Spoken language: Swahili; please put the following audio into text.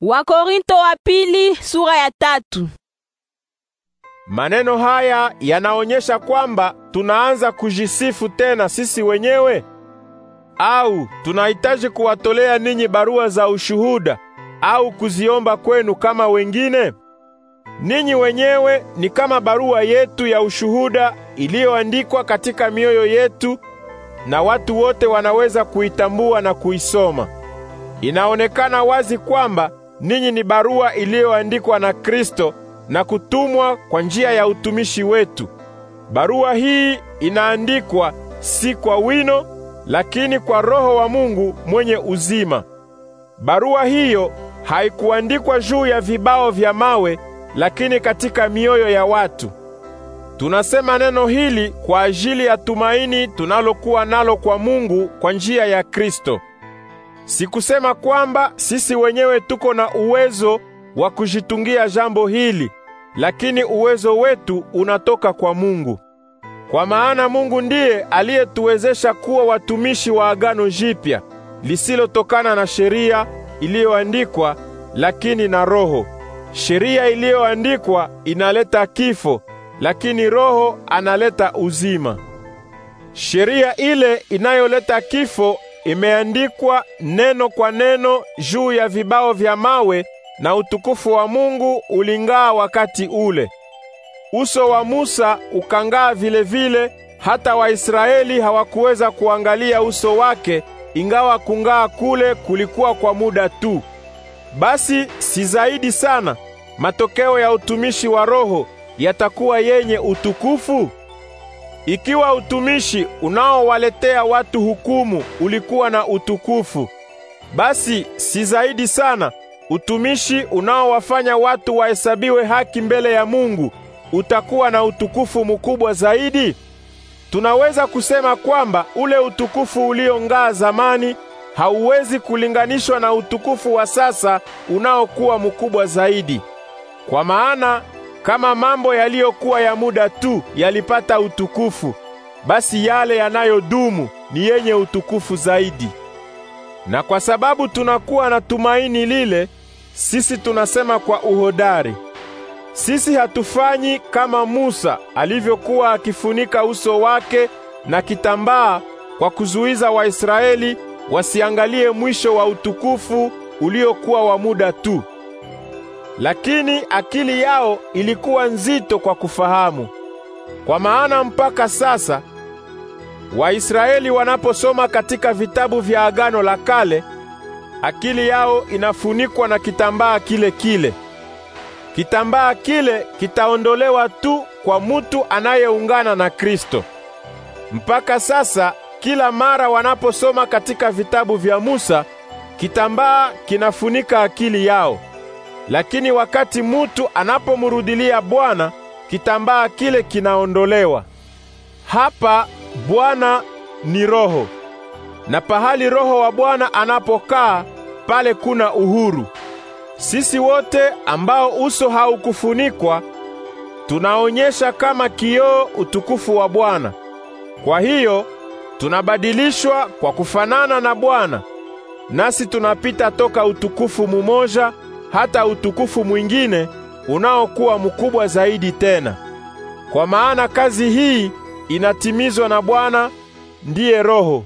Wakorinto wa pili sura ya tatu. Maneno haya yanaonyesha kwamba tunaanza kujisifu tena sisi wenyewe au tunahitaji kuwatolea ninyi barua za ushuhuda au kuziomba kwenu kama wengine? Ninyi wenyewe ni kama barua yetu ya ushuhuda iliyoandikwa katika mioyo yetu na watu wote wanaweza kuitambua na kuisoma. Inaonekana wazi kwamba ninyi ni barua iliyoandikwa na Kristo na kutumwa kwa njia ya utumishi wetu. Barua hii inaandikwa si kwa wino, lakini kwa Roho wa Mungu mwenye uzima. Barua hiyo haikuandikwa juu ya vibao vya mawe, lakini katika mioyo ya watu. Tunasema neno hili kwa ajili ya tumaini tunalokuwa nalo kwa Mungu kwa njia ya Kristo. Sikusema kwamba sisi wenyewe tuko na uwezo wa kujitungia jambo hili, lakini uwezo wetu unatoka kwa Mungu. Kwa maana Mungu ndiye aliyetuwezesha kuwa watumishi wa agano jipya lisilotokana na sheria iliyoandikwa, lakini na Roho. Sheria iliyoandikwa inaleta kifo, lakini Roho analeta uzima. Sheria ile inayoleta kifo imeandikwa neno kwa neno juu ya vibao vya mawe, na utukufu wa Mungu uling'aa wakati ule. Uso wa Musa ukang'aa vile vile, hata Waisraeli hawakuweza kuangalia uso wake, ingawa kung'aa kule kulikuwa kwa muda tu. Basi si zaidi sana matokeo ya utumishi wa Roho yatakuwa yenye utukufu? Ikiwa utumishi unaowaletea watu hukumu ulikuwa na utukufu, basi si zaidi sana utumishi unaowafanya watu wahesabiwe haki mbele ya Mungu utakuwa na utukufu mkubwa zaidi? Tunaweza kusema kwamba ule utukufu uliong'aa zamani hauwezi kulinganishwa na utukufu wa sasa unaokuwa mkubwa zaidi. Kwa maana kama mambo yaliyokuwa ya muda tu yalipata utukufu, basi yale yanayodumu ni yenye utukufu zaidi. Na kwa sababu tunakuwa na tumaini lile, sisi tunasema kwa uhodari. Sisi hatufanyi kama Musa alivyokuwa akifunika uso wake na kitambaa kwa kuzuiza Waisraeli wasiangalie mwisho wa utukufu uliokuwa wa muda tu lakini akili yao ilikuwa nzito kwa kufahamu. Kwa maana mpaka sasa Waisraeli wanaposoma katika vitabu vya Agano la Kale, akili yao inafunikwa na kitambaa kile kile. Kitambaa kile kitaondolewa tu kwa mutu anayeungana na Kristo. Mpaka sasa kila mara wanaposoma katika vitabu vya Musa, kitambaa kinafunika akili yao. Lakini wakati mutu anapomurudilia Bwana, kitambaa kile kinaondolewa. Hapa Bwana ni Roho, na pahali Roho wa Bwana anapokaa, pale kuna uhuru. Sisi wote ambao uso haukufunikwa tunaonyesha kama kioo utukufu wa Bwana. Kwa hiyo tunabadilishwa kwa kufanana na Bwana, nasi tunapita toka utukufu mumoja hata utukufu mwingine unaokuwa mkubwa zaidi tena. Kwa maana kazi hii inatimizwa na Bwana ndiye Roho.